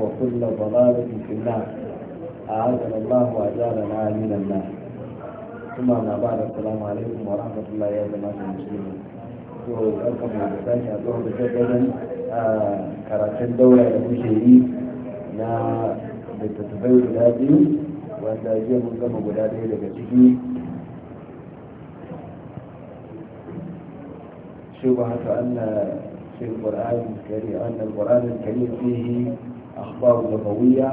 وكل ضلالة في النار أعاذنا الله وأجارنا من النار ثم ما بعد السلام عليكم ورحمة الله يا جماعة المسلمين وأركم من الثاني أدوه آه، بجددا كراتين دولة المشيري na littattafai guda biyu wanda jiya mun gama guda ɗaya daga ciki شبهة أن في القرآن الكريم أن القرآن الكريم فيه akhbar nabawiyya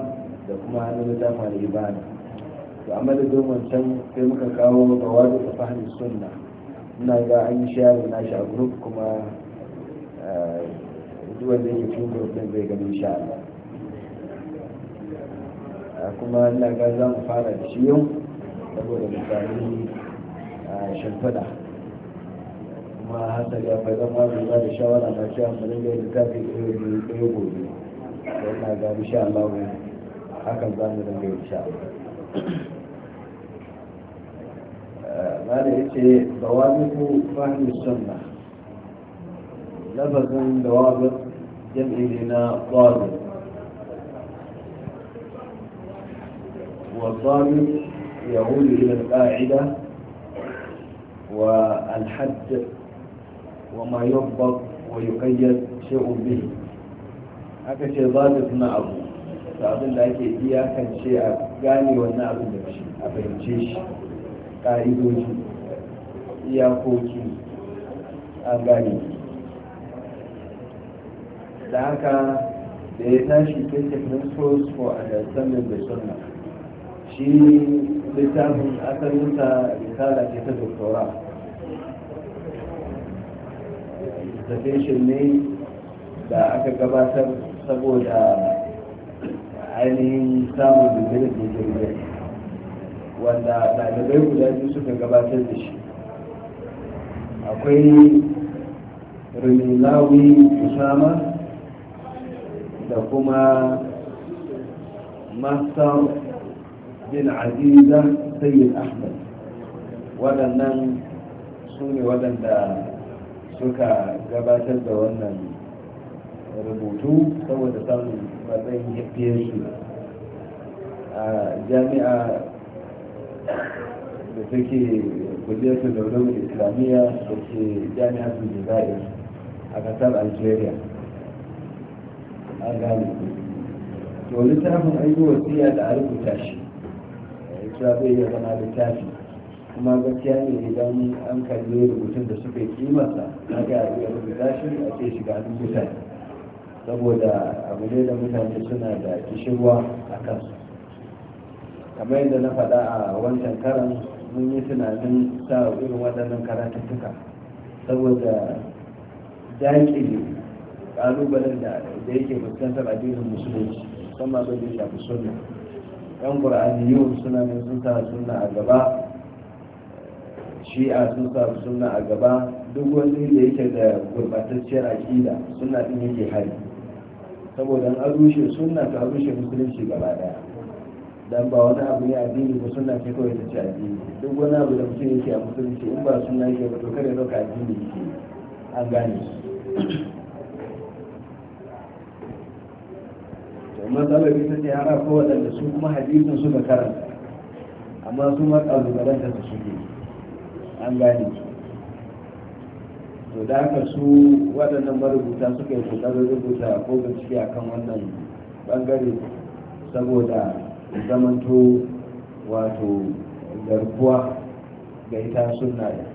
da kuma hannun da dama da ibada to amma da domin can sai muka kawo bawadu da fahimtar sunna muna ga an yi share na shi a group kuma duk wanda yake cikin group din zai gani insha Allah kuma ina ga za mu fara da shi yau saboda misali shimfiɗa kuma hasali ya fai zama da shawara na cewa mu dinga yin littafi ɗaya gobe ina ga insha Allah hakan za mu dinga insha Allah mala yace dawabitu fahmi sunna lafazin dawabit jam'i ne na dawabit والضابط يعود إلى القاعدة والحد وما يضبط ويقيد شيء به aka ce za ta suna abu ta abin da ake ce a gane wannan abin da shi a fahimce shi ƙa'idoji iyakoki an gane da haka da ya tashi take principles for understanding the sunnah shi littafin asalinsa risala ce ta doktora dissertation ne da aka gabatar saboda ainihin samun digiri da jirgin wanda ɗalibai guda biyu suka gabatar da shi akwai rumilawi usama da kuma masar bin aziza sayyid ahmad waɗannan su ne waɗanda suka gabatar da wannan rubutu saboda samun matsayin su a jami'a da take kuliyar su daular islamiyya da ke jami'a su a kasar algeria an gane to littafin aiki wasiya da a rubuta shi ya zai iya zama littafi kuma gaskiya ne idan an kalli rubutun da suka yi kimarsa na ga iya rubuta shi a ce shiga hannun mutane saboda abu ne da mutane suna da kishirwa a kansu kamar yadda na faɗa a wancan karan mun yi tunanin sa irin waɗannan karatattuka saboda daƙi ƙalubalen da yake fuskantar addinin musulunci musamman abin da shafi sunna yan ƙur'aniyun suna ne sun sa sunna a gaba shi'a sun sa sunna a gaba duk wani da yake da gurbatacciyar aƙida suna ɗin yake hari saboda an rushe sunna ta rushe musulunci gaba daya dan ba wani abu ne addini ba sunna ke kawai ta ce addini duk wani abu da mutum yake a musulunci in ba sunna yake ba to kada ya dauka addini yake an gane to matsalar ita ce ana ko waɗanda su kuma hadisin suka karanta amma su ma ƙalubalanta su suke an gane to da haka su waɗannan marubuta suka yi kokarin rubuta ko bincike a kan wannan ɓangare saboda zamanto wato garkuwa ga ita suna da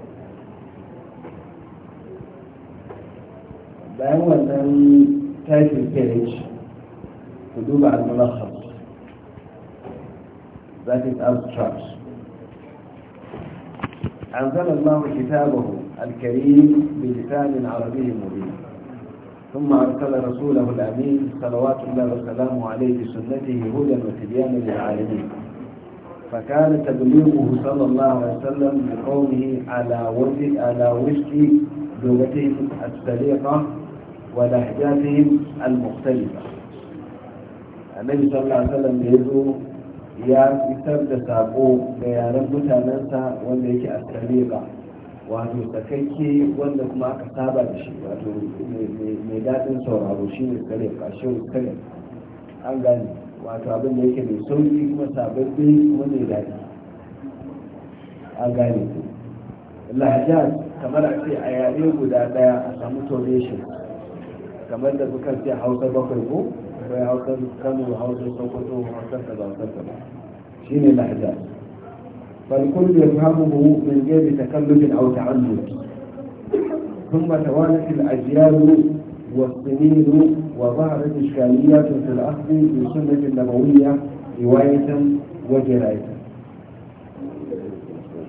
bayan wannan title page ku duba al-mulakhas that is abstract zama الله كتابه الكريم بلسان عربي مبين ثم أرسل رسوله الأمين صلوات الله وسلامه عليه بسنته هدى وتبيانا للعالمين فكان تبليغه صلى الله عليه وسلم لقومه على وجه على وجه لغتهم السليقة ولهجاتهم المختلفة النبي صلى الله عليه وسلم يدعو يا يسر da sako ga وليك السليقه wato tsakakke wanda kuma aka saba da shi wato mai daɗin sauraro shi ne kare kashin kare an gane wato abin da yake mai sauki kuma sababbi kuma mai daɗi an gane ku lahajar kamar a ce a yare guda ɗaya a samu tonation kamar da kuka ce hausa bakwai ko akwai hausar kano hausar sokoto hausar kaza hausar kaza shi ne lahajar فالكل يفهمه من غير تكلف أو تعمد ثم توالت الأجيال والسنين وظهرت إشكاليات في الأخذ بالسنة النبوية رواية وجراية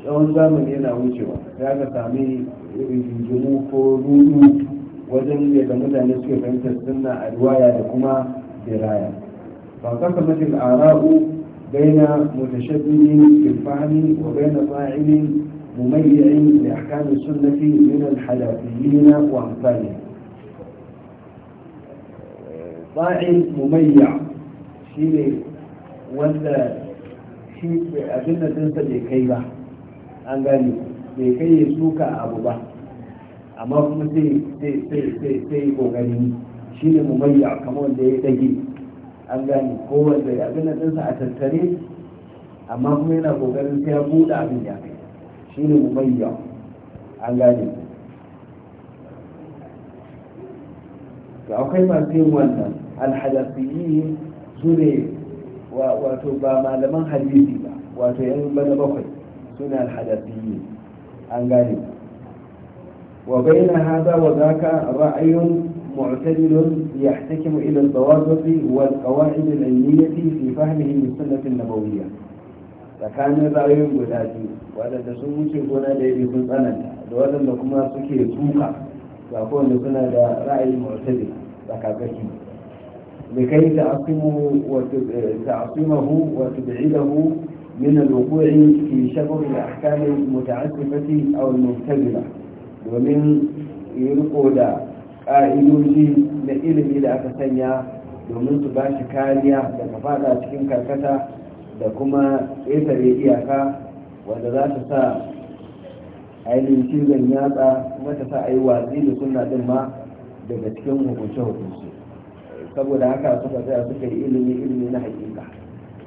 tsawon zamani yana wucewa ya ga sami rigingimu ko rudu wajen yadda mutane suke fahimtar sunna a riwaya da kuma diraya ba kasa mafi ara'u بين متشدد في الفعل وبين فاعل مميع لأحكام السنة من الحلافيين وأمثالهم فاعل مميع شيء ولا شيء أجنة تنسى لكيبة أن قال لكي يسوك أبو بحر أما كنت تيبو غني شيء مميع كمان دي تجيب an gane kowane da abin da ɗinsa a tattare amma kuma yana kokarin sai ya buɗe abin ya kai shi ne umayya an gane to akwai masu yin wannan alhadasiyi su ne wato ba malaman hadisi ba wato yan bana bakwai su ne alhadasiyi an gane wa bai na haza wa zaka ra'ayun معتدل يحتكم إلى الضوابط والقواعد العلمية في فهمه للسنه النبوية فكان ضعيف ولادي وانا تسمو تكون لدي كل سنة دولا لكم سكي توقع فأقول لكنا دا رأي معتدل فكاكي لكي تعصمه وتعصمه وتبعده من الوقوع في شبه الأحكام المتعسفة أو المبتدلة ومن يلقو يلقوا ƙa'idoji na ilimi da aka sanya domin su ba shi kariya daga fada cikin karkata da kuma ƙetare iyaka wanda za su sa ainihin cizon yatsa kuma ta sa a yi watsi da suna din ma daga cikin hukunce-hukunce saboda haka suka tsaya suka yi ilimi ilimi na hakika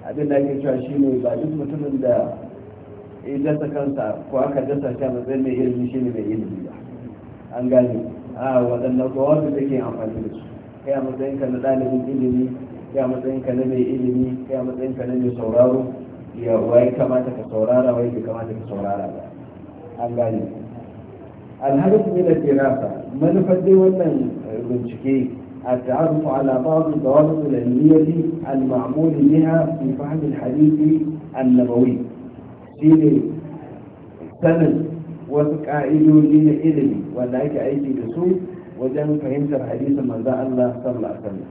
abin da ake cewa ne ba duk mutumin da ya dasa kansa ko aka dasa shi a matsayin mai ilimi shi ne mai ilimi ba an gane a waɗannan da take amfani da su kai a matsayin ka na ɗalibin ilimi kai a matsayin ka na mai ilimi kai a matsayin ka na mai sauraro ya wai kamata ka saurara wai bai kamata ka saurara ba an gane alhadis min al-firasa manufar dai wannan bincike التعرف على بعض الضوابط العلمية المعمول بها في فهم الحديث النبوي في سند وقائد دين العلم ولايك ايتي وجن فهمت الحديث ما ذا الله صلى الله عليه وسلم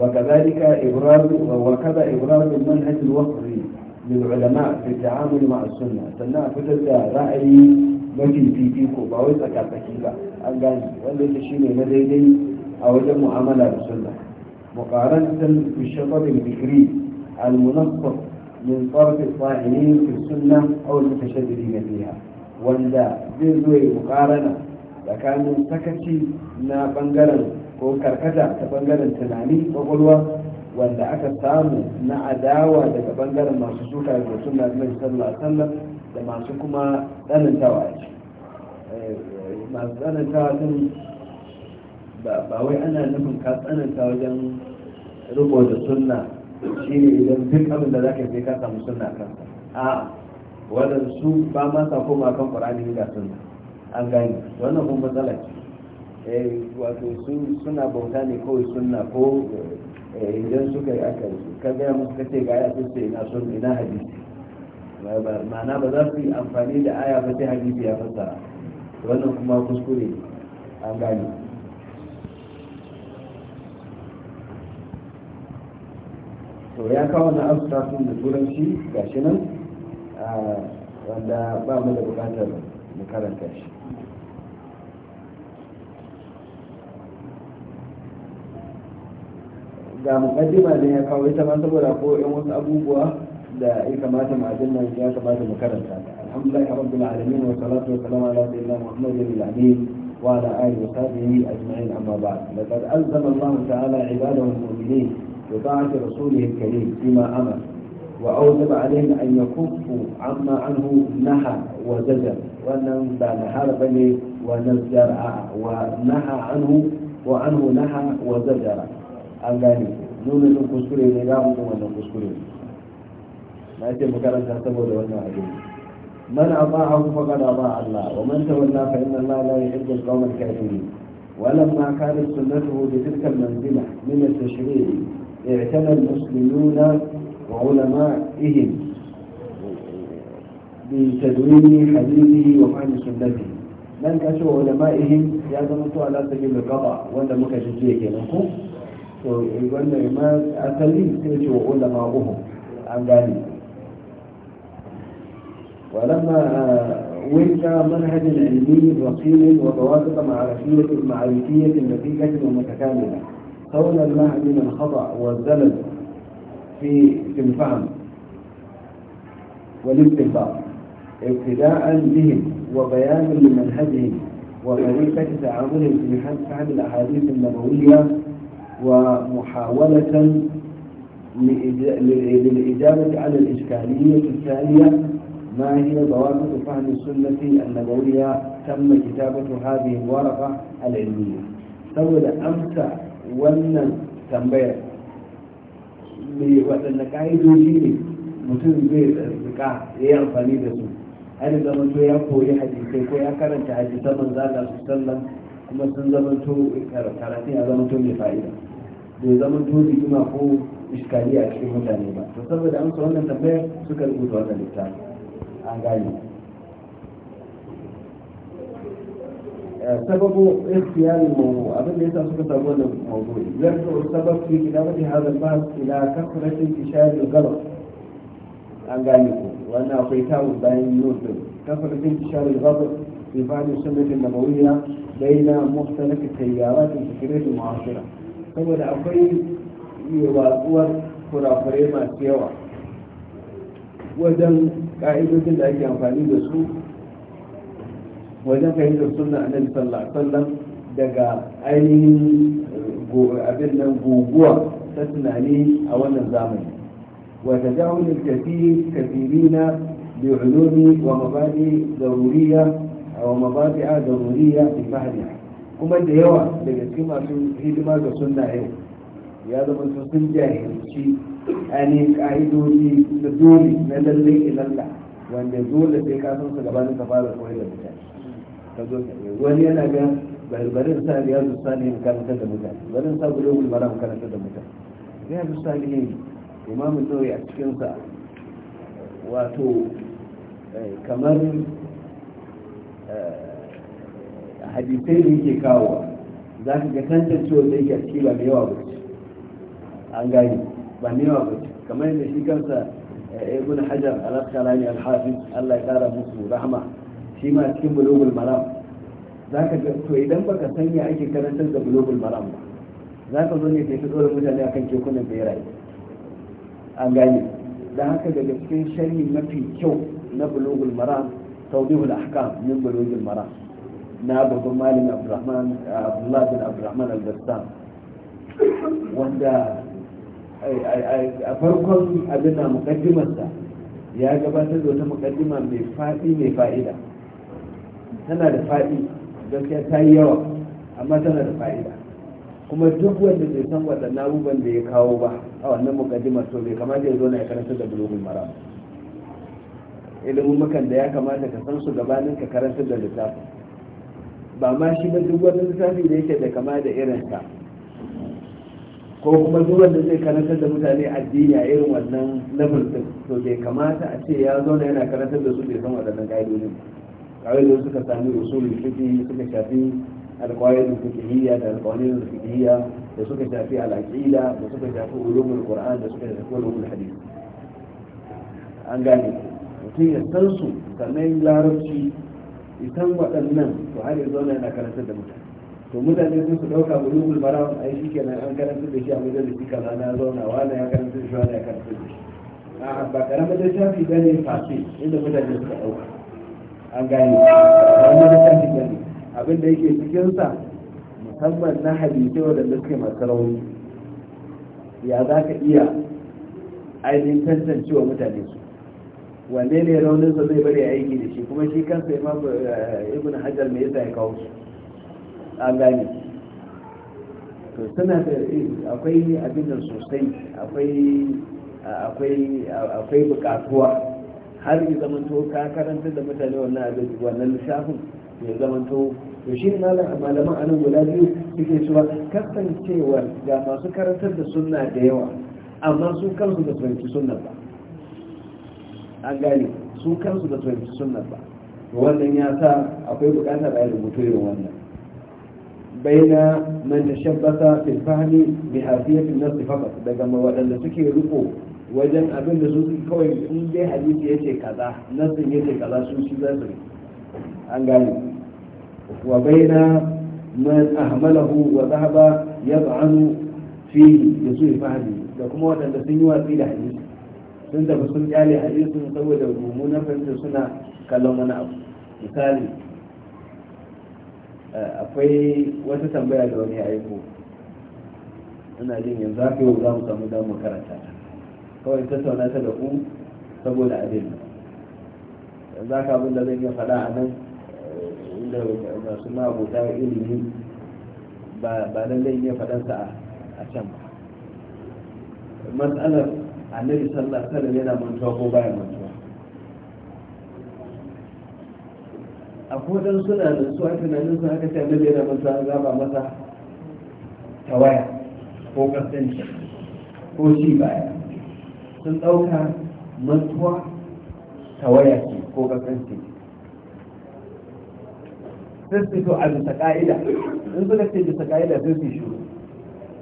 وكذلك ابراز وكذا ابراز المنهج الوقري للعلماء في التعامل مع السنه سنة فتت راي مجد في فيكو باوي سكا تكيبا الغاني وليس شيء او جمع عمل السنه مقارنة بالشطر الفكري المنقط من طرف الطاعنين في السنه او المتشددين فيها wanda zai zo ya mukarana tsakanin sakaci na bangaren ko karkata ta bangaren tunani kwakwalwa wanda aka samu na adawa daga bangaren masu suka da sunna na zai alaihi da masu kuma tsanantawa a eh, masu tsanantawa sun ba wai ana nufin ka tsananta wajen rubuta da sunna ne idan duk abin da zaka sai ka samu sunna kansa a wannan su ba ma sa koma kan qur'ani da sunna an gani wannan kuma matsala ce eh wato su suna bauta ne kawai sunna ko eh, idan suka yi aka su ka gaya musu ka ce ga aya sun ce ina sun ina hadisi ma'ana ba za su yi amfani da aya ba sai hadisi ya fasa wannan kuma kuskure an gani to ya kawo na abstraction da turanci shi nan wanda ba mu da bukatar mu karanta shi ga mukaddima ne ya kawo ita ma saboda ko yan wasu abubuwa da ya kamata mu ajinna ya kamata mu karanta alhamdulillah rabbil alamin wa salatu wa salam ala sayyidina muhammadin ala alihi wa sahbihi ajma'in amma ba'd laqad لقد allah ta'ala ibadahu almu'minin bi ta'ati rasulihi alkarim فيما amara وأوجب عليهم أن يكفوا عما عنه نهى وزجر وأنهم نهار بني ونزجر ونهى عنه وعنه نهى وزجر أغاني نون كسكري نغام وأن كسكري ما يتم مكرسة سبوة وأن أجيب من أطاعه فقد أطاع الله ومن تولى فإن الله لا يحب القوم الكافرين ولما كانت سنته بتلك المنزلة من التشريع اعتنى المسلمون وعلمائهم بتدوين حديثه وفهم سنته لن كشوا علمائهم يا زمتوا على سبيل القطع ولا مكشفية كنكم لنا ما أتليم سيتوا علمائهم عن ذلك ولما وجد منهج علمي رصين وتواسط معرفية معرفية النتيجة المتكاملة كون المعنى من الخطأ والزلل في الفهم والاتفاق ابتداء بهم وبيانا لمنهجهم وطريقة تعاملهم في فهم الأحاديث النبوية ومحاولة للإجابة على الإشكالية التالية ما هي ضوابط فهم السنة النبوية تم كتابة هذه الورقة العلمية سوى أمتع ونن تنبيه mai waɗanda ƙa'idoji ne mutum zai tsarkaka ya yi amfani da su har zama to ya koyi hadisai ko ya karanta hadisan manzo Allah sallan kuma sun zama to karatun ya zama to mai fa'ida bai zama to rigima ko iskali a cikin mutane ba to saboda an wannan tambayar suka rubuta wannan littafi an gane سبب اختيار الموضوع أبدا ليس أصبح أول الموضوع يرجع السبب في كتابة هذا البحث إلى كثرة انتشار الغلط عن ذلكم وأنا أعطيته بين نوتن كثرة انتشار الغلط في بعض السنة النبوية بين مختلف التيارات الفكرية المعاصرة saboda akwai watsuwar kurakurai masu yawa wajen ƙa'idodin da ake amfani da su wajen fahimtar sunna annabi sallallahu alaihi wasallam daga ainihin eh, abin nan guguwa ta tunani a wannan zamani wa tajawul kathir kathirina bi ulumi wa mabadi daruriyya wa kuma da yawa daga cikin masu hidima ga sunna yau ya zama su sun jahilci ainihin ka'idoji da dole na lallai ilalla wanda dole sai ka san su gabanin ka fara koyar da mutane ta zo ta wani yana ga barin sa riyadu salihin karantar da mutane barin sa bulogul maram karantar da mutane riyadu salihin imamu nauyi a cikinsa wato kamar hadisai da yake kawo za ka ga tantancewa da yake a ciki ba mai yawa ba ce an gani ba mai yawa ba ce kamar yadda shi kansa ibn hajar al-asqalani al-hafiz Allah ya kara musu rahma shi ma cikin global maram za ka ga to idan baka sanya ake karantar da global maram ba za ka zo ne yi fito tsoron mutane akan kekunan beraye an gane da haka daga cikin sharhi mafi kyau na global maram tawdihul ahkam min bulugul maram na babban malin abdurrahman abdullah bin abdurrahman al dastan wanda a farkon abin na mukaddimarsa ya gabatar da wata mukaddima mai fadi mai fa'ida tana da faɗi gaskiya ta yi yawa amma tana da fa'ida kuma duk wanda zai san waɗannan abubuwan da ya kawo ba a wannan mukaddimar to bai kamata ya zo na ya karanta da bulogin mara ilimin mukan da ya kamata ka san su gabanin ka karanta da littafi ba ma shi ba duk wani littafi da yake da kama da irin ka ko kuma duk wanda zai karanta da mutane addini a irin wannan level din to bai kamata a ce ya zo na yana karanta da su bai san waɗannan ƙa'idodin ba suka sami قاعدة سكة تعمل أصول الفقه سكة شافي القواعد الفقهية القوانين الفقهية سكة شافي العقيدة سكة شافي علوم القرآن سكة شافي علوم الحديث an gane mutum ya san su sannan larabci isan waɗannan to har yanzu zauna yana karantar da mutane to mutane sun su ɗauka bulugul maram ai shi kenan an karantar da shi a majalisi kaza na zauna wani ya karantar da shi wani ya karantar da shi a ba karamar da shafi bane fasi inda mutane suka ɗauka an gane wannan rashin gani abin da yake cikinsa musamman na hadisai waɗanda suke masu rauni ya za ka iya ainihin tantancewa mutane su wanne ne rauninsa zai bari aiki da shi kuma shi kansa ya mafi eh, ibn hajar mai yasa ya kawo su an gane suna da eh, akwai abin sosai akwai akwai akwai bukatuwa har ya zamanto ka karanta da mutane wannan abin wannan lissafin ya zamanto to shi malaman nan guda biyu suke cewa kasancewar ga masu karantar da sunna da yawa amma su kansu da fahimci sunna ba an gane su kansu da fahimci sunna ba wannan ya sa akwai bukatar a yi rubutu irin wannan baina man تشبث fil fahmi bi النص فقط ده daga ودن suke riko. wajen abin da su kawai in dai hadisi ya ce kaza nasin ya ce kaza su shi za su an gane wa baina man ahmalahu wa zahaba yad'anu fi da su fahimi da kuma waɗanda sun yi watsi da hadisi sun tafi sun kyale hadisin saboda na fahimta suna kallon wani abu misali eh, akwai wata tambaya da wani aiko ina jin yanzu haka yau za mu samu damar karanta ta kawai tattauna ta da ku saboda abin za ka abin da zan iya faɗa a nan inda masu ma'abuta ilimi ba lallai iya faɗansa a can ba matsalar annabi sallallahu alaihi wasallam yana mantuwa ko bayan mantuwa a dan suna da su a tunanin su haka sai annabi yana mantuwa an ba masa tawaya ko kasance ko shi baya sun ɗauka mantuwa waya ce ko kasance sai su to a bisa ƙa'ida, in suka ce bisa ƙa'ida sun su shi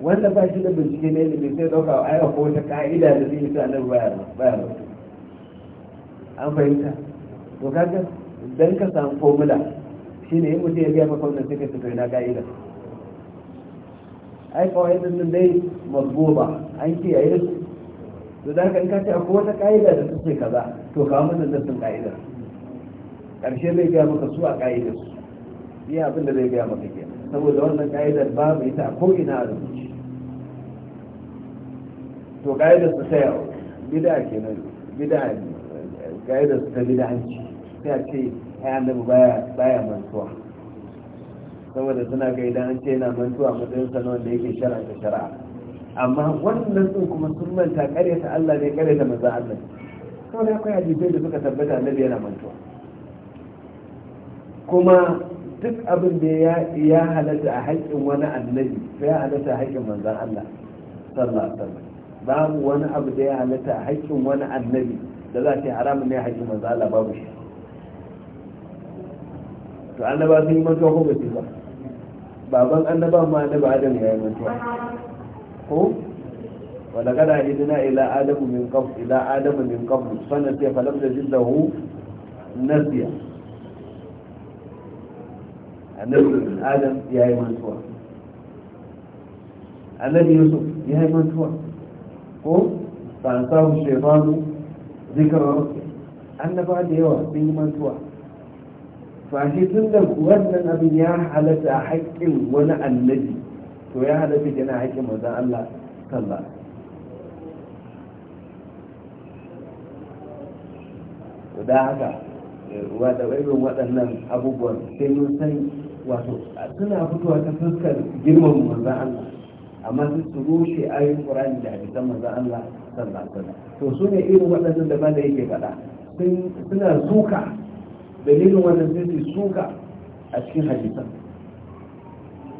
wanda ba shi da bincike na ilimin sai ɗauka a ayyuka ko wata ƙa'ida da zai yi sa nan baya an fahimta to kaga dan ka samu formula shine in mutum ya biya maka wannan sai ka tafi na ƙa'ida. ai kawai nan dai mazgoba an kiyaye su to da haka in ka ce akwai wata ka'ida da suke kaza to ka kawo da dattin ka'ida karshe zai ga maka su a ka'ida su iya abin da zai ga maka ke saboda wannan ka'ida ba mu ita a ina da mu to ka'ida su sai yawa bida kenan bida ka'ida su ta bida hanci sai a ce ai annabi baya baya mantuwa saboda suna ga idan an ce yana mantuwa matsayin sanar da yake shara'a ta shari'a amma wannan sun kuma sun manta ta Allah ne ta maza Allah da akwai hadisai da suka tabbata annabi yana mantuwa kuma duk abin da ya halatta a haƙƙin wani annabi sai ya halatta a haƙƙin manzo Allah sallallahu alaihi wasallam babu wani abu da ya halatta a haƙƙin wani annabi da za ta yi haramun ne a haƙƙin manzo Allah babu shi to annaba sun yi mantuwa ko ba su ba baban annaba ma annaba adam ya yi mantuwa ko wala kada idina ila adamu min qabl ila adamu min qabl sanata falam tajid lahu nasiya annabi adam ya yi mantuwa annabi yusuf ya yi mantuwa ko fansahu shaytanu zikra rabbi annaba da yawa sun yi mantuwa fashi tun da wannan abin ya halatta a haƙƙin wani annabi to ya halatta yana haƙƙin manzon Allah sallah da haka wada irin waɗannan abubuwan sai mun san wato suna fitowa ta fuskar girman manzon Allah amma su su rushe ayin Qur'ani da hadisan manzon Allah Talla. alaihi to su ne irin waɗannan da da yake faɗa suna suka dalilin wannan sai su suka a cikin hadisan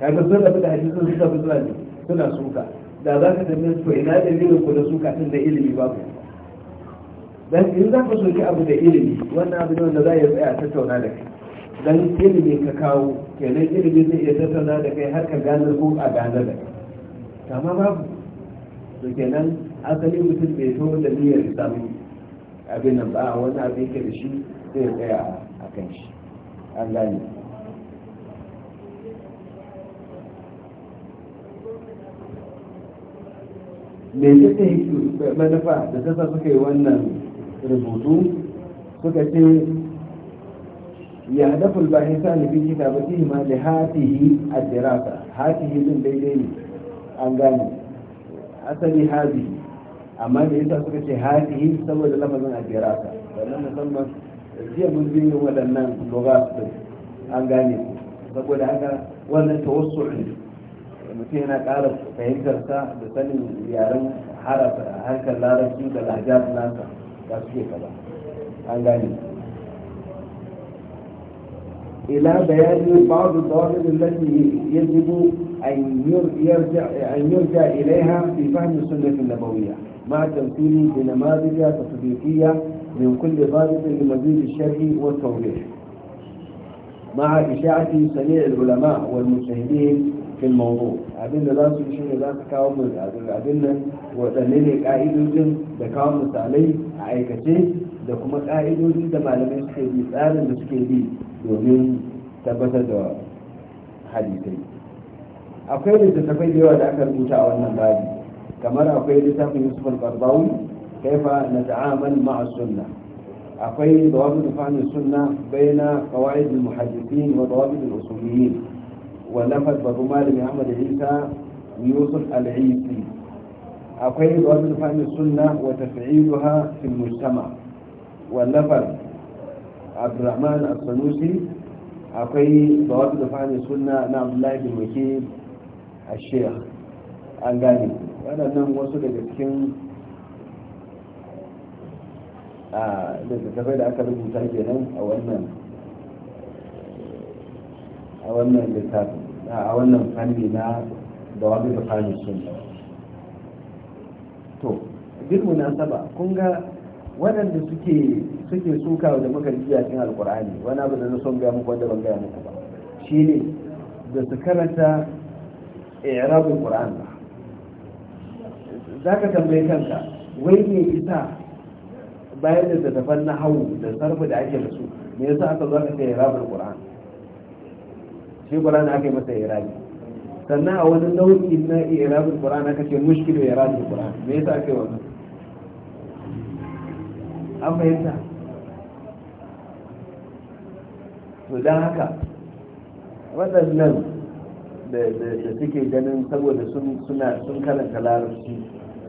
Ka kaga sun rabu da hadisi sun rabu suna ne suna suka da za ka tambaye to ina dalilin ku da suka tun da ilimi babu dan in za ka soki abu da ilimi wannan abu ne wanda za ya tsaya tattauna da kai dan ilimi ka kawo kenan ilimi zai iya tattauna da kai har ka gane ko a gane da kai kama babu to kenan asali mutum bai so da niyyar samun abin nan ba wani abin yake da shi zai tsaya a kan shi an gane mai suka yi manufa da ta suka kai wannan rubutu suka ce ya hadaful ba sa nufin kita ba ma da hatihi a dirasa hatihi din daidai ne an gane asali hatihi amma da yasa suka ce hatihi saboda lafazin a jirafa wannan musamman jiya mun yi waɗannan lura an gane saboda haka wannan tawassul mutum yana ƙara fahimtarsa da sanin yaren harafa harkar larabci da lahajar nasa ba suke kaza إلى بيان بعض الضوابط التي يجب أن يرجع, أن يرجع إليها في فهم السنة النبوية مع تمثيل بنماذج تطبيقية من كل ضابط لمزيد الشرح والتوضيح مع إشاعة سميع العلماء والمجتهدين في الموضوع عدلنا لازم شيء لا تكاوم عدلنا وتنيني قائد وجن دكاوم تعلي عايكة شيء دكما قائد وجن دم على مش كيد يسأل مش كيد يومين تبت دوا حديثي أقول إذا تفيد يوا ذكر مشاع والنبادي كما أقول إذا في يوسف القرضاوي كيف نتعامل مع السنة أقول ضوابط فهم السنة بين قواعد المحدثين وضوابط الأصوليين wallafar babu malami ahmad isa yusuf al-isi akwai wani fahimtar sunna wa tafi'iluha fil mujtama wallafar abdurrahman as-sanusi akwai bawatu da fahimtar sunna na abdullahi bin wakil a an gane waɗannan wasu daga cikin da da aka rubuta kenan a wannan a wannan littafin a wannan fanni na da wani da fanni sun to na saba kun ga waɗanda suke suke suka da muka ji a cikin alkur'ani wani abu da na son ga muku wanda ban gaya muku ba shine da su karanta i'rabul qur'an ba zaka tambaye kanka wai me isa bayan da tafan na hawu da sarfa da ake da su me yasa aka zo aka ce i'rabul qur'an shi qur'ani aka yi masa iraji sannan a wani nau'i na iraji qur'ani aka ce mushkilu iraji qur'ani me yasa aka yi wannan an fahimta to dan haka waɗannan da suke ganin saboda suna sun karanta larabci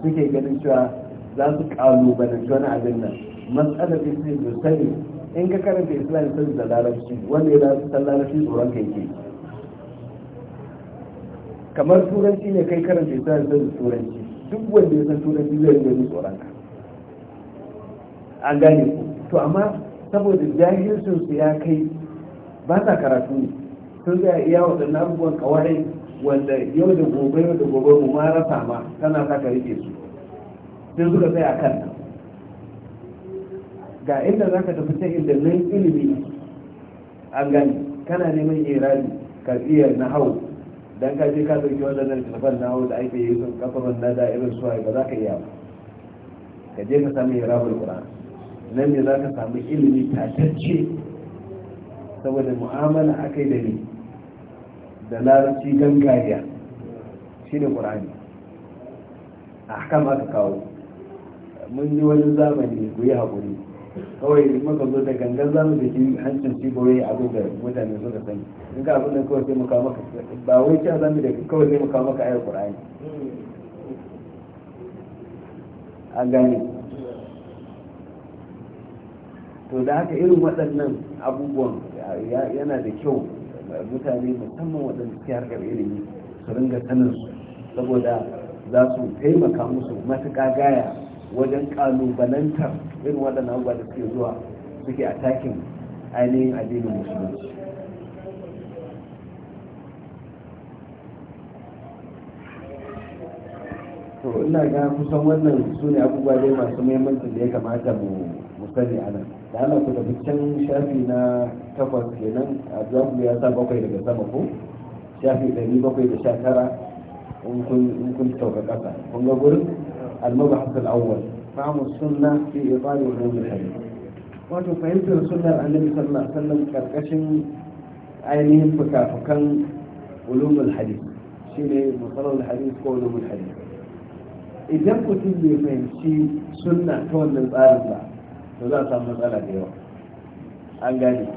suke ganin cewa za su kalubalanci wani abin nan matsalar islam da sani in ka karanta islam sun da larabci wanda ya san larabci tsoron kai ke. kamar turanci ne kai karanta ya sa da turanci duk wanda ya san turanci zai rinda jin tsoron ka an gane ku to amma saboda jahilcin su ya kai ba sa karatu ne sun ga iya waɗannan abubuwan kawarai wanda yau da gobe yau da gobe mu ma rasa ma tana sa ka rike su sun suka tsaya kan nan ga inda za ka tafi ta inda nan ilimi an gani kana neman irani ka tsiyar na hau dan ka je ka dauki wannan littafin na da ake yi sun kafa banda da irin suwa ba za ka iya ba ka je ka samu irabul qur'an nan ne za ka samu ilimi tatacce saboda mu'amala akai da ni da larabci gangariya shi ne qur'ani a haka aka kawo mun ji wani zamani ku yi haƙuri kawai muka zo da gangan zamu da shi hancin shi a da mutane su da sani in ka abin da kawai sai muka maka ba wai cewa zamu da kawai sai muka maka ayar qur'ani a gane to da haka irin waɗannan abubuwan yana da kyau mutane musamman waɗanda suke harkar ilimi su ringa sanin su saboda za su taimaka musu matuƙa gaya wajen kalubalantar irin waɗannan abubuwa da suke zuwa suke a takin ainihin addinin musulunci to ina ga kusan wannan su ne abubuwa dai masu muhimmancin da ya kamata mu sani a nan da ana ku da bikin shafi na takwas kenan a zuwa ya sa bakwai daga sama ko shafi ɗari bakwai da sha tara in kun sauka ƙasa kun ga gurin المبحث الأول فهم السنة في إطار علوم الحديث wato fahimtar sunnar annabi sallallahu alaihi wasallam karkashin ainihin fukafukan ulumul hadith shine masalul hadith ko ulumul hadith idan mutum bai fahimci sunna ta wannan tsarin ba to za a samu matsala da yawa an gane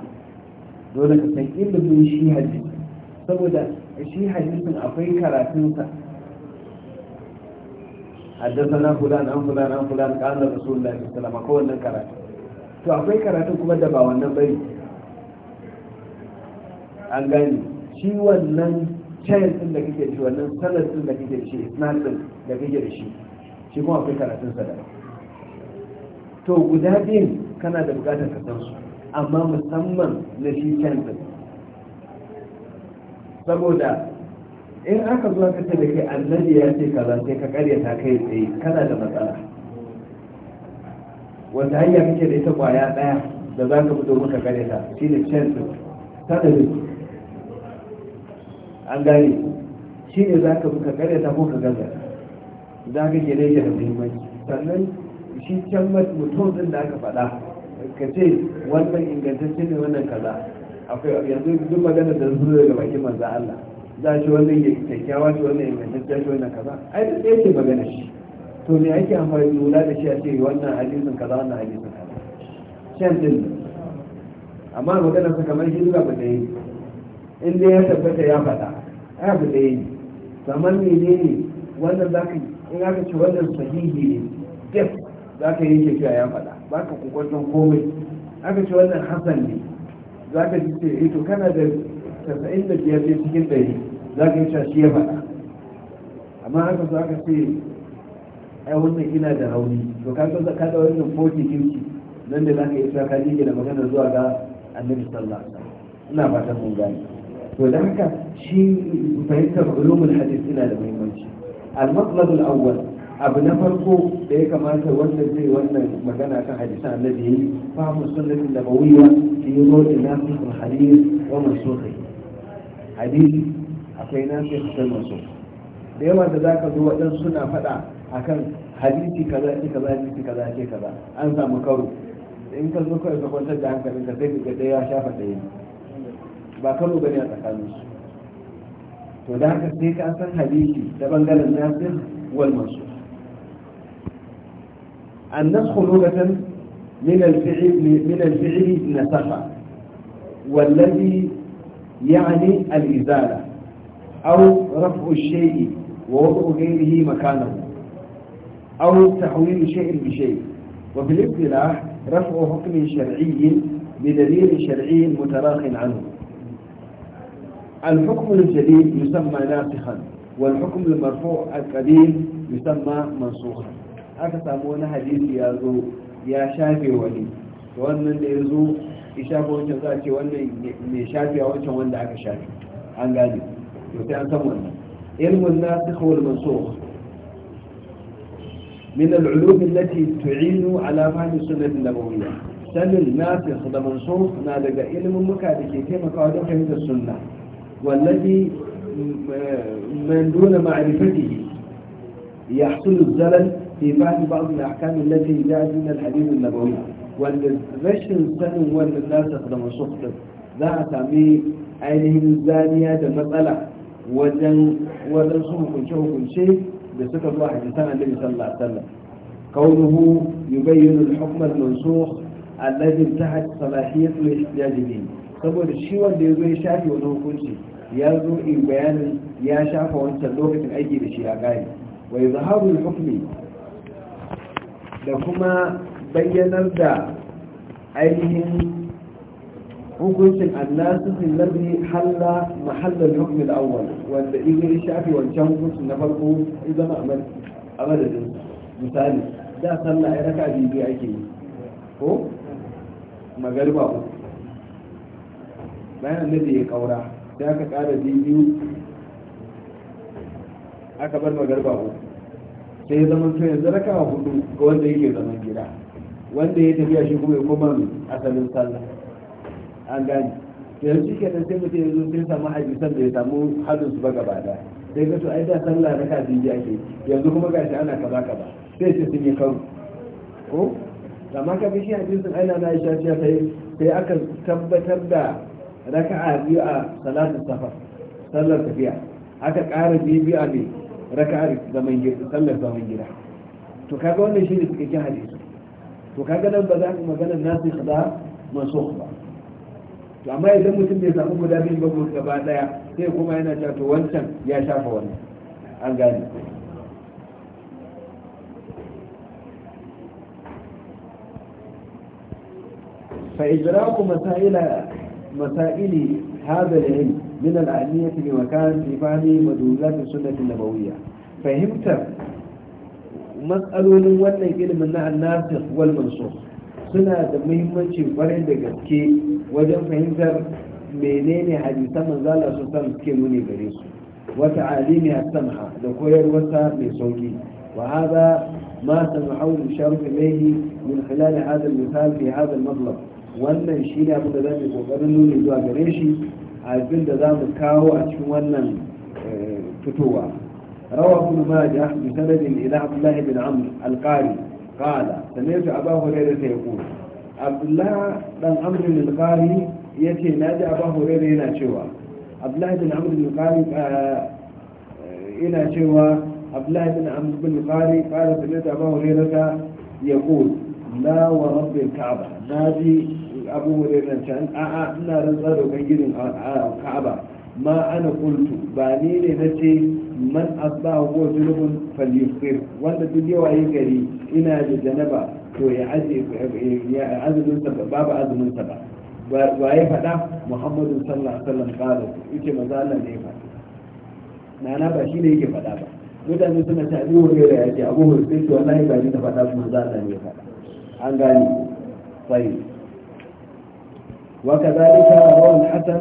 dole ka san ilimin shi hadith saboda shi hadisin akwai karatunsa حدثنا فلان عن فلان عن فلان قال رسول الله صلى الله عليه وسلم اكو wannan karatu to akwai karatu kuma da ba wannan bai an gani shi wannan chain din da kike da shi wannan sanad din da kike da shi isnad din da kike da shi shi kuma akwai karatun sa da to guda biyun kana da bukatar ka san su amma musamman na shi chain din saboda in aka zuwa ka da kai annabi ya ce ka zance ka karyata kai tsaye kana da matsala wanda hanya kake da ita kwaya daya da za ka fito maka karyata shi ne da sanadin an gane shi ne za ka muka karyata ko ka gaza za ka ke rage da muhimmanci sannan shi can mutum din da aka faɗa ka ce wannan ingantaccen ne wannan kaza akwai yanzu duk magana da zuwa daga bakin manzo Allah za shi wannan ya kyakkyawa shi wannan ya kyakkyawa shi wannan kaza ai da tsaye ce magana shi to me ake amfani lura da shi a ce wannan hadisin kaza wannan hadisin kaza shan din amma magana sa kamar shi zuwa ba ta yi in dai ya tabbata ya faɗa ai ba ne yi kamar menene wannan za ka in aka ce wannan sahihi ne def za ka yi ke ya faɗa ba ka kokon komai aka ce wannan hasan ne za ka ji ce ito eh, kana da 95 ne cikin ɗari za ka yi shi ya faɗa amma haka su aka ce ai wannan ina da rauni to ka san ka da wannan 40 kimci nan da za ka yi cewa ka jike da magana zuwa ga annabi sallallahu alaihi wasallam ina fatan mun gane to da haka shi fahimtar ulumul hadith ina da muhimmanci al-matlab al-awwal abu na farko da ya kamata wanda zai wannan magana kan hadisan annabi yi fahimtar sunnatin da bawiya fi yuro ila fi hadith wa mansuhi hadith kai na sai fitar masu da yawa da za ka zo waɗansu suna faɗa akan hadisi kaza ce kaza hadisi kaza ce kaza an samu karo in ka zo kawai ka kwantar da hankalin ka sai ka ɗaya ya shafa ɗaya ba karo bane a tsakanin su to da haka sai ka san hadisi ta bangaren nasir wal masu النسخ لغة من الفعل من الفعل نسخ والذي يعني الإزالة أو رفع الشيء ووضع غيره مكانه أو تحويل شيء بشيء وفي الاصطلاح رفع حكم شرعي بدليل شرعي متراخ عنه الحكم الجديد يسمى ناسخا والحكم المرفوع القديم يسمى منسوخا هذا سامونا حديث يا ذو يا شافي ولي wani wannan da ya zo ya shafe wancan za a ce wannan mai shafe a يمكن علم الناسخ والمنسوخ من العلوم التي تعين على فهم السنة النبوية سن الناسخ والمنسوخ ما لقى علم المكادكي في مقادم حمد السنة والذي من دون معرفته يحصل الزلل في فهم بعض الأحكام التي جاء من الحديث النبوي والرشن السن والناسخ والمنسوخ ذا تعمي عينه الزانية المسألة wajen waɗansu hukunce-hukunce da suka zo a hadisan annabi sallallahu alaihi wasallam kaunuhu yubayyinu al-hukm al-mansukh alladhi intahat salahiyatu al saboda shi wanda ya zo ya shafe wani hukunci ya zo in bayanin ya shafa wancan lokacin aiki da shi ya gane wa izharu hukmi da kuma bayyanar da ainihin hukuncin annasihin lafi halla mahallar hukumin awwal wanda igiri shafi wancan hukuncin na farko ya zama a madadin misali da sallah ya raka bibi ake yi ko magariba ko bayan annabi ya kaura sai aka kara biyu aka bar magariba ko sai ya zama to yanzu raka hudu ga wanda yake zaman gida wanda ya tafiya shi kuma ya koma asalin sallah an gane yanzu shi kenan sai mutum yanzu sai samu hadisan da ya samu hadin su ba gaba da sai ga to ai da sallah na kafin ji ake yanzu kuma shi ana kaza kaza sai sai sun yi kan ko amma ka shi hadisin aina na aisha ce sai sai aka tabbatar da raka'a biyu a salatin safar sallar tafiya aka ƙara biyu biyu a mai raka'ar zaman gida sallar zaman gida to kaga wannan shi ne cikakken hadisi to kaga nan ba za ka magana nasu kaza mansukh ba to amma idan mutum bai samu guda biyu ba gaba daya sai kuma yana cewa to wancan ya shafa wannan an gane fa idraku masaila masaili هذا العلم من الأهمية بمكان في فهم مدلولات السنة النبوية fahimta mas'alolin wannan ilimin na annasir wal mansukh suna da muhimmancin kwarai da gaske wajen fahimtar menene hadisan manzo Allah su san suke nuni gare su wata alimi samha da koyarwarsa mai sauki wa hada ma samahu sharh ilayhi min khilal hada misal fi hada al wannan shine abin da zamu kokarin nuni zuwa gare shi abin da zamu kawo a cikin wannan eh, fitowa rawa ابن ماجه بسند الى عبد الله بن عمرو القاري kala sanai su abu hurairu ta yi kuma abdullahi dan amurin alkari ya ce na ji abu hurairu yana cewa abdullahi bin amurin alkari yana cewa abdullahi bin amurin alkari kala sanai su abu hurairu ta ya kuma na wa rabbin ka'aba na ji abu hurairu can a'a ina rantsar da ubangijin ka'aba ma ana kultu ba ni ne na ce man asba wa junubun falyusir wanda duk yawa yi gari ina da janaba to ya aje ya azumin sa ba babu azumin sa ba wa ya faɗa muhammadu sallallahu alaihi wasallam kala yace maza Allah ne ya faɗa nana ba shi ne yake fada ba mutane suna ta abu hurera ya ce abu hurera sai wallahi ba ni ta faɗa kuma za Allah ne ya fada an gane sai wa kadhalika rawan hasan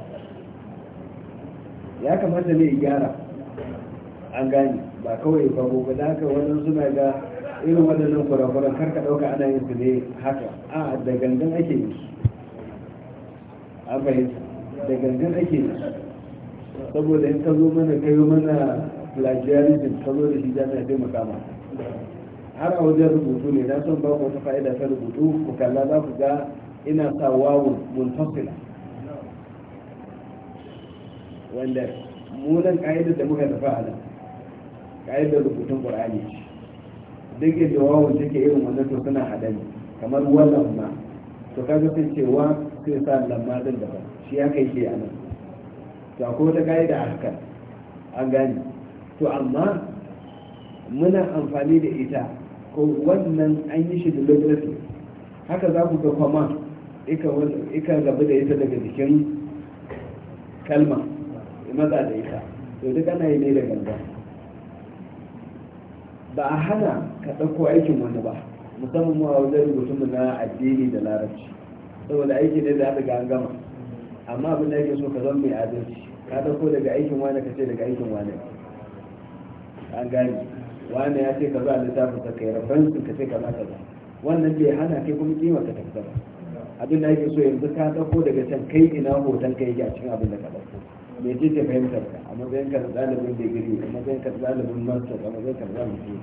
ya kamata ne gyara an gane ba kawai ba gobe da haka wajen suna ga irin waɗannan kurakuran karka ɗauka ana yin su ne haka a da gangan ake yi an fahimta da gangan ake yi saboda in ta zo mana ta yi mana plagiarism ta zo da shi jami'a sai makama har a wajen rubutu ne na son ba ku wata fa'ida ta rubutu ku kalla za ku ga ina sa wawun muntasila wanda munan ka'idar da muka tafi a nan ka'idar rubutun ƙur'ani duk yadda wawon take irin wannan to suna haɗari kamar wannan ma to kaga sun ce wa sai sa lamma zan da shi ya kai ke nan. to akwai wata ka'ida a haka an gane to amma muna amfani da ita ko wannan an yi shi da lokaci haka za ku ga kwama ika gaba da ita daga jikin kalma maza da ita to duk ana yi ne da ganga ba a hana ka ɗauko aikin wani ba musamman ma wajen rubutun na addini da larabci saboda aiki ne da aka an gama amma abin da yake so ka zama mai adalci ka ɗauko daga aikin wani ka ce daga aikin wani an gane wani ya ce ka za a littafin ka kai su ka ce ka za ka za wannan bai hana kai kuma kima ka tafi ba abin da yake so yanzu ka ɗauko daga can kai ina hoton ka ya a cikin abin da ka bai ce ta fahimtar ka a matsayin ka ɗalibin digiri a matsayin ka ɗalibin master a matsayin ka ɗalibin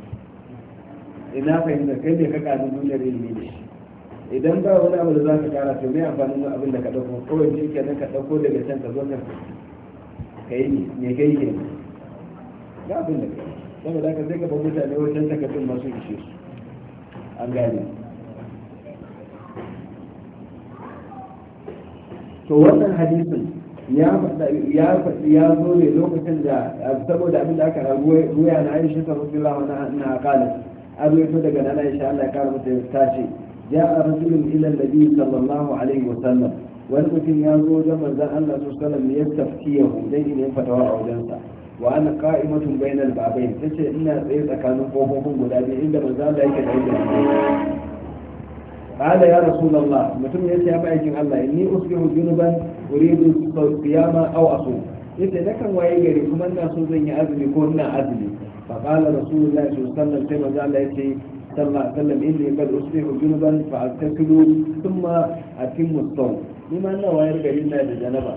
ina fahimta kai ne ka ƙarin duniyar ilimi ne idan ba wani abu da za ka kara to me da abin da ka ɗauko kawai shi kenan ka ɗauko daga can ka zo ka kai ne me kai ke ga abin da ka saboda ka sai ka bar mutane wajen takardun masu ishe su an gane to wannan hadisin ya faɗi ya zo ne lokacin da saboda abin da aka ruya na aisha ta rufi lawa na kala a ruwaito daga nan aisha allah ya kara mata ta ce ya a rasulun ilan nabi sallallahu alaihi wa sallam wani mutum ya zo wajen manzan allah su sallam ya tafkiya dan ina yin fatawa a wajensa wa ana qa'imatun bainal babain tace ina tsaye tsakanin kofofin guda biyu inda manzan allah yake da yake قال يا رسول الله متم يسي أما يجن الله إني أصبح جنبا أريد الصيام أو أصوم yace na kan waye gari kuma ina so zan yi azumi ko na azumi fa qala rasulullah sallallahu alaihi wasallam sai manzo Allah yace sallallahu alaihi wasallam inni qad usbihu junuban fa astaqbilu thumma atimmu as-sawm ni ma ina gari ina da janaba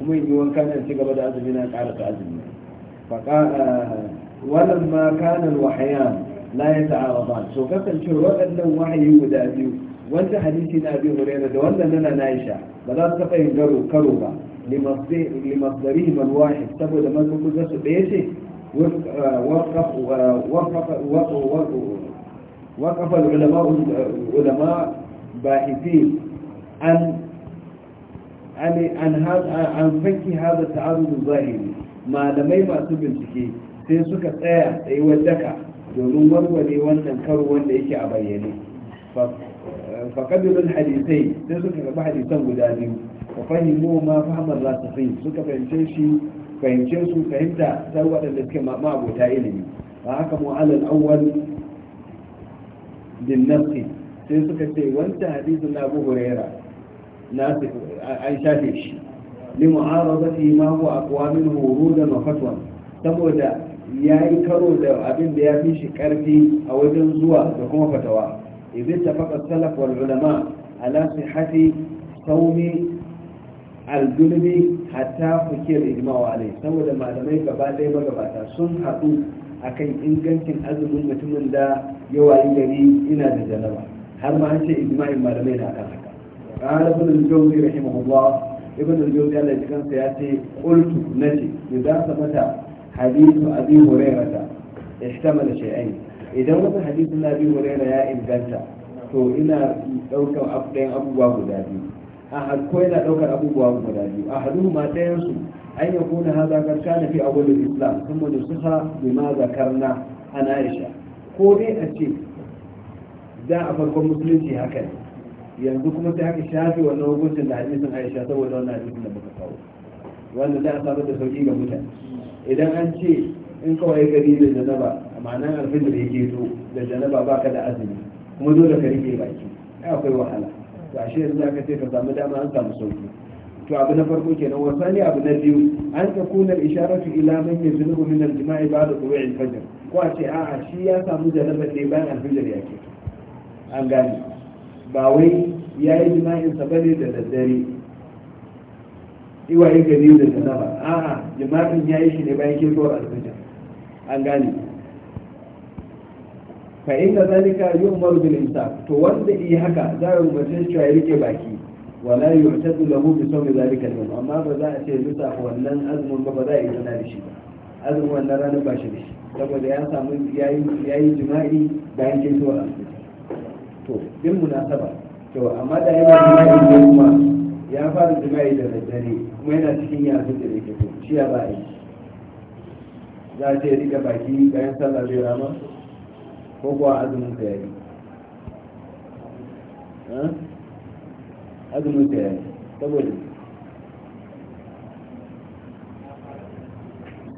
kuma in yi wanka na ci gaba da azumi na ƙara ta azumi fa qala walamma kana al-wahyan la waɗannan wahayi guda biyu wanda hadisi na abi hurairah da wanda nana na aisha ba za su taba yin garo karo ba limasdarihim alwahid saboda mazukuzar su ɗaya ce وقف العلماء العلماء باحثين عن عن عن هذا عن فك هذا التعارض الظاهري ما لمي ما bincike sai suka tsaya tsayuwar daka domin warware wannan karo wanda yake a bayyane faƙabilun hadisai sai suka karɓi hadisan guda biyu wa fahimu ma fahimar rasafin suka fahimce shi fahimce su fahimta ta waɗanda suke ilimi ba haka mu'alal awwal din nafsi sai suka ce wancan hadisin na abu huraira na an shafe shi li mu'arabati ma huwa aqwa minhu wurudan wa fatwan saboda yayi karo da abin da ya fi shi karfi a wajen zuwa da kuma fatawa إذ اتفق السلف والعلماء على صحة صوم الجنب حتى فكر إجماع عليه سوى لما لم يقبع لي مقبعتا سن حقوق أكي إن كنت أزم متمن دا يوالي جري إنا دجنبا هل ما أنت إجماع ما لم ينعقل قال ابن الجوزي رحمه الله ابن الجوزي على كان سياتي قلت نجي إذا ثبت حديث أبي هريرة احتمل شيئين idan wani hadisin na biyu wani ya inganta to ina ɗaukar ɗayan abubuwa guda biyu a ko yana ɗaukar abubuwa guda biyu a hadu ma ɗayan su an yi kuna haza garka na fi a wani islam kuma da suka bima zakarna a na'isha ko dai a ce za a farkon musulunci haka ne yanzu kuma sai haka shafi wannan hukuncin da hadisin aisha saboda wannan hadisin da muka kawo wanda za a samar da sauƙi ga mutane idan an ce in kawai gari da janaba ma'ana da ya keto da janaba ba ka da azumi kuma dole ka rike baki ai akwai wahala to a shirin za ka ce ka samu dama an samu sauki to abu na farko kenan ne abu na biyu an ka kunar isharatu ila man yazunu min al-jima'i ba'da qulu'i al fajar ko a ce a'a shi ya samu janaba ne bayan alfijir ya ke an gane ba wai ya yi jima'in sa bane da daddare iwaye gari da janaba a'a jima'in ya yi shi ne bayan ke ketowar alfijar an gane fa inda zalika yu'maru bil insa to wanda yi haka za a rubuce shi ya rike baki wala yu'tadu lahu bi sawmi zalika al amma ba za a ce bisa wannan azumin ba ba za a yi sana da shi ba azumin wannan ranar ba shi da shi saboda ya samu yayi jima'i bayan kin zuwa to din munasaba to amma da yana jima'i ne kuma ya fara jima'i da daddare kuma yana cikin yanzu da yake to shi ya ba a yi za a ce ya rike baki bayan sallah zai rama ko kuwa azumin ka yayi azumin ka yayi saboda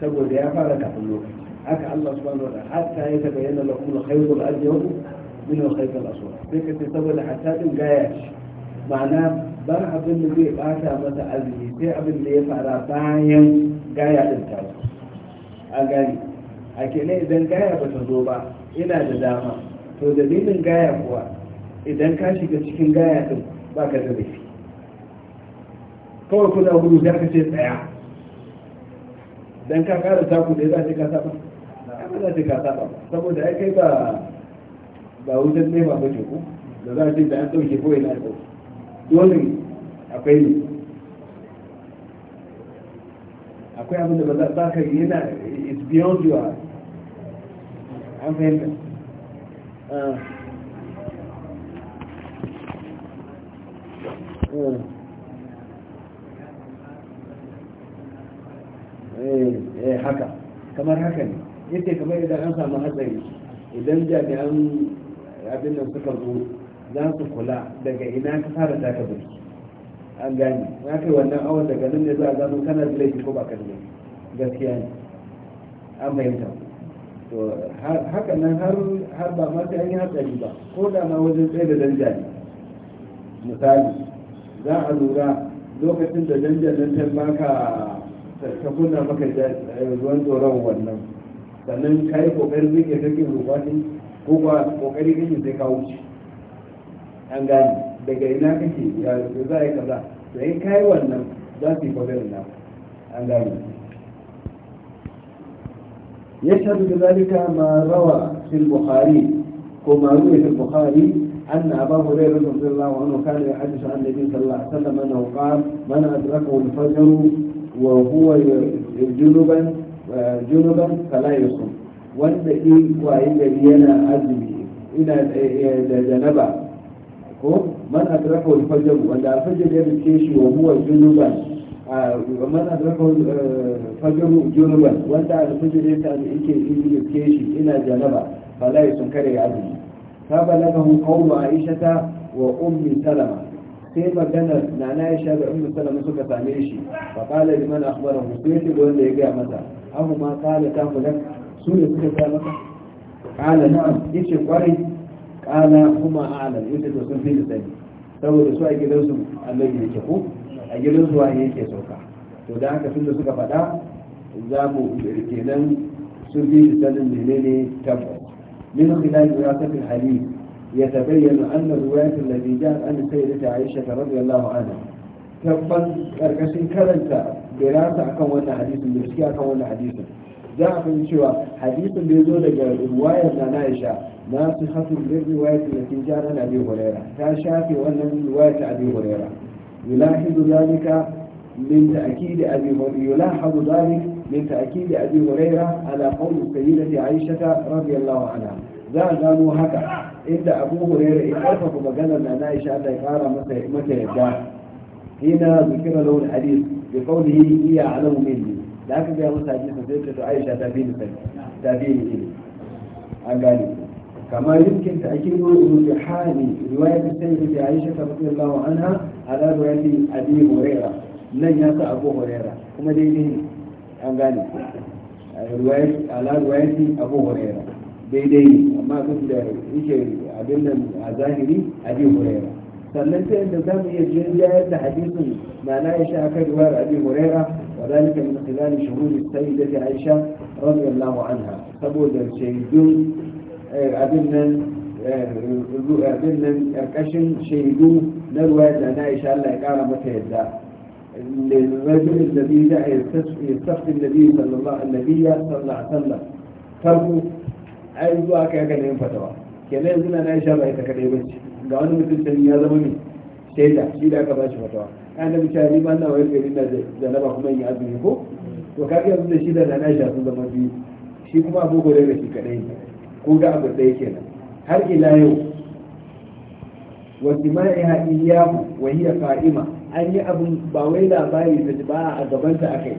saboda ya fara kafin lokaci haka Allah subhanahu wa ta'ala hatta ya tabayyana lakum al-khayrul ajru min al-khayril sai ka ce saboda hatta din gaya shi ma'ana ba abin da zai bata masa azumi sai abin da ya fara bayan gaya din ta a gani a kenan idan gaya ba ta zo ba yana da dama to dalilin gaya kuwa idan ka shiga cikin gaya din ba ka da laifi kawai kuna gudu za ka ce tsaya don ka kara taku da za ka saba ba za ka saba saboda ya kai ba ba wutar ne ba mace ku da za a ce da an ɗauke ko na ɗauke dole akwai ne akwai abin da ba za ka yi yana it's beyond your an fahimta ah. Ah. Eh, eh, haka kamar haka ne yadda kamar idan an samu hatsari idan jami'an abin nan suka zo za su kula daga ina ka fara birki an gani na kai wannan awon daga nan ne za a gano kana da laifi ko ba ka gaskiya ne an fahimta to haka nan har ba ma sai an yi hatsari ba ko da ma wajen tsaye da danja ne misali za a lura lokacin da danjan nan ta baka ta kunna maka eh, ruwan tsoron wannan sannan ka yi kokarin rike kake rufatin ko ba kokari kake sai ka wuce an gane daga ina kake ya za a yi kaza to in ka yi wannan za su yi kwabarin na an gane يشهد بذلك ما روى في البخاري وما روي في البخاري أن أبا هريرة رضي الله عنه كان يحدث عن النبي صلى الله عليه وسلم أنه قال من أدركه الفجر وهو جنبا جنبا فلا يصوم wanda وعند kwaye gari إلى جنبا من أدركه الفجر ko الفجر adraka وهو جنبا game da zafin fajar jirgin wanda a rufin jirgin ta da ike iri da ke shi ina janaba ba layi sun kare ya zuwa ta ba aisha ta wa ummi salama sai maganar na na aisha da salama suka same shi ba kala liman akwara hukun da wanda ya gaya masa abu ma kala ta mu su ne suka sa masa kala na ice kwarai kala kuma a yadda sun fi da sani saboda su a gidansu allah ne ke ko a gidan zuwa ne yake sauka to da haka tunda suka faɗa za mu kenan sun fi sanin menene tabbas min khilal wirasatil hadith يتبين أن الرواية التي جاءت عن سيدة عائشة رضي الله عنها تبقى أركسين كرنتا دراسة أكون وانا حديث بسكي أكون وانا حديث جاء في شوى حديث بيزود رواية عن عائشة ناسخة للرواية التي جاءت عن أبي هريرة تشافي وانا رواية أبي هريرة يلاحظ ذلك من تأكيد أبي يلاحظ ذلك من تأكيد أبي هريرة على قول السيدة عائشة رضي الله عنها ذا قالوا هكذا إذا أبو هريرة إخافت مجالا من عائشة أن يقار متى هنا ذكر له الحديث بقوله هي أعلم مني لكن يا موسى حديث سيدة عائشة تابين تابين أقالي كما يمكن تأكيده في حال رواية السيدة عائشة رضي الله عنها ala ruwayati abi huraira nan ya sa abu huraira kuma dai ne an gane ala ruwayati abu huraira daidai ne amma kan da yake abin nan a zahiri abi huraira sannan ta yadda za mu iya jirgin da hadisin na na isha a kan ruwar abi huraira wa zalika min khilali shuhudi sayyidati aisha radiyallahu anha saboda shaidun eh, abin nan abin nan ƙarƙashin shaidu na ruwayar da na isha Allah ya ƙara mata yadda للرجل da biyu da النبي صلى da biyu صلى الله عليه وسلم فرقوا ai zuwa kai haka neman fatawa kenan yanzu na isha ba ita kadai ba ce ga wani mutum sani ya zama mai shaida shi da aka ba shi fatawa kan da bicara ni ba na wayar da na ba kuma yin azumi ko to ka ga yanzu shi da na isha sun zama biyu shi kuma abu gore da shi kadai ko da abu yake nan. har ila yau wasu ma'iha iyahu wa hiya fa'ima an yi abin ba wai labari da ba a gabanta kai.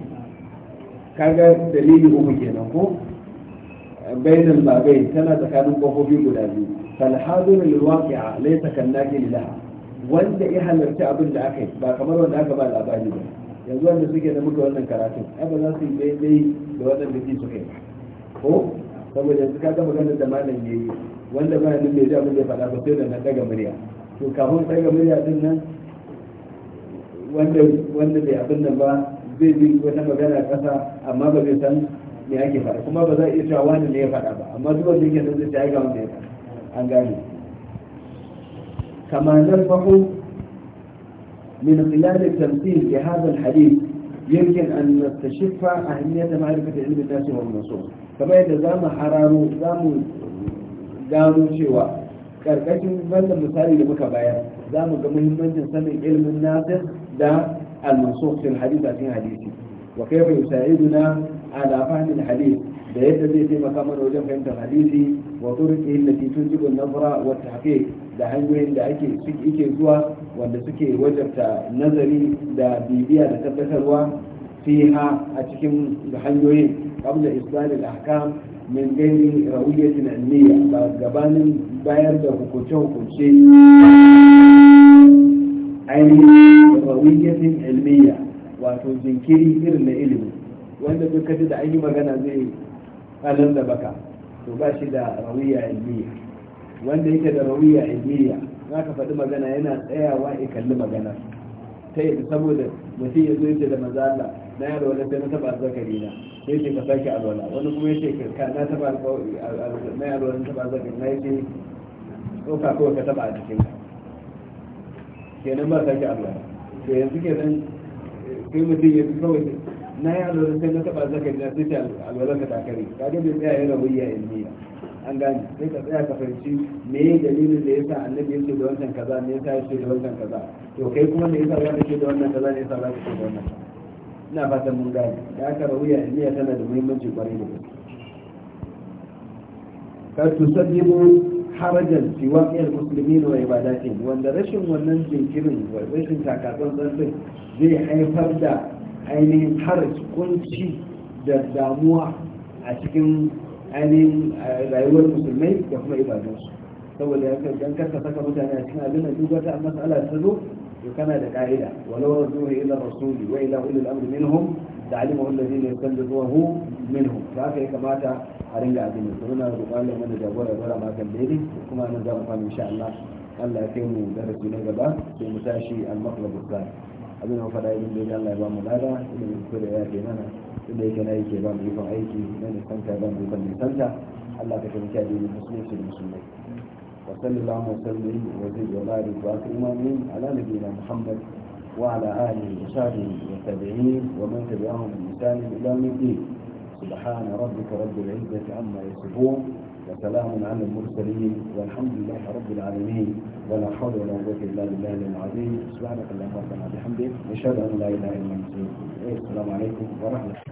kaga dalili uku kenan ko ba babai tana tsakanin kofofi guda biyu falhadun lilwaqi'a laysa kannaki lilaha wanda ya halarci abin da aka yi ba kamar wanda aka ba labari ba yanzu wanda suke da muka wannan karatun ai ba za su yi daidai da wannan biki suka kai. ko saboda yanzu ka gama ganin da malam ya yi wanda ba nan bai ji abin da ya faɗa ba sai da na ɗaga murya to kafin ɗaga murya din nan wanda wanda bai abin nan ba zai bi wata magana ƙasa amma ba zai san me ake faɗa kuma ba za a iya cewa wani ne ya faɗa ba amma duk wanda yake nan zai ce ai ga wanda ya faɗa an gane kama nan fahu min khilal at-tamthil li hadha al-hadith يمكن أن نستشف أهمية معرفة علم الناس والنصوص kamar yadda za mu hararo za mu gano cewa ƙarƙashin wannan misali da muka bayar za mu ga muhimmancin sanin ilimin nasir da al-mansukh fil hadith a cikin hadisi wa kayfa yusa'iduna ala fahmi al-hadith da yadda zai taimaka mana wajen fahimtar hadisi wa turqihi allati tujibu an-nazra wa tahqiq da hanyoyin da ake suke zuwa wanda suke wajarta nazari da bibiya da tabbatarwa fiha a cikin hanyoyin قبل إصدار الأحكام من غير رؤية علمية فقبان باير ده كوتشو كوتشي أي رؤية علمية وتنكري إرن إلمي وأنت تكتد أي مغانا زي ألم بكا تباشي ده رؤية علمية وأنت يكتد رؤية علمية za ka faɗi magana yana tsayawa ya kalli magana ta yi saboda mutum ya zo na yaro wani sai na taba zakari na sai ce ka sake alwala wani kuma ya ce ka na taba na yaro wani taba zakari na ya ce tsoka kawai ka taba a cikin ka kenan ba sake alwala to yanzu nan kai mutum ya fi kawai na yi alwala sai na taba zakari na sai ce alwala ka takare ka ga bai tsaya yana wuya in niyya an gane sai ka tsaya ka fahimci me ya dalilin da ya sa annabi ya ce da wancan kaza me sa ya ce da wancan kaza to kai kuma me ya sa ya ce da wannan kaza ne ya sa za ka ce da wannan kaza ina fatan mun gane da aka rawiya niyya tana da muhimmanci kwarai da gaske kar tusaddibu harajan fi waqi'il muslimin wa ibadatihim wanda rashin wannan jinkirin wa rashin takatsan tsantsin zai haifar da ainihin haraj kunci da damuwa a cikin ainihin rayuwar musulmai da kuma ibadunsu saboda ya dan karka saka mutane a cikin abin da duk wata matsala ta zo to kana da ka'ida walau rasuhu ila rasuli wa ila ulil amri minhum ta'limu alladhina yastanbiduhu minhum to haka ya kamata a ringa abin to muna roƙon da mana jagora gora ma kan kuma nan za mu fara insha Allah Allah ya darasi na gaba sai mu tashi al-maqlab al-thani abin da faɗa idan dai Allah ya ba mu lada idan mu kula ya ke mana inda yake na yake ba mu ikon aiki na nisanta ba mu ikon nisanta Allah ka taimaki addinin musulunci da musulmai وصلى الله وسلم وزد وبارك واكرم على نبينا محمد وعلى اله وصحبه والتابعين ومن تبعهم بإحسان الى يوم الدين سبحان ربك رب العزه عما يصفون وسلام على المرسلين والحمد لله رب العالمين ولا حول ولا قوه الا بالله العظيم سبحانك اللهم وبحمدك نشهد ان لا اله الا انت السلام عليكم ورحمه الله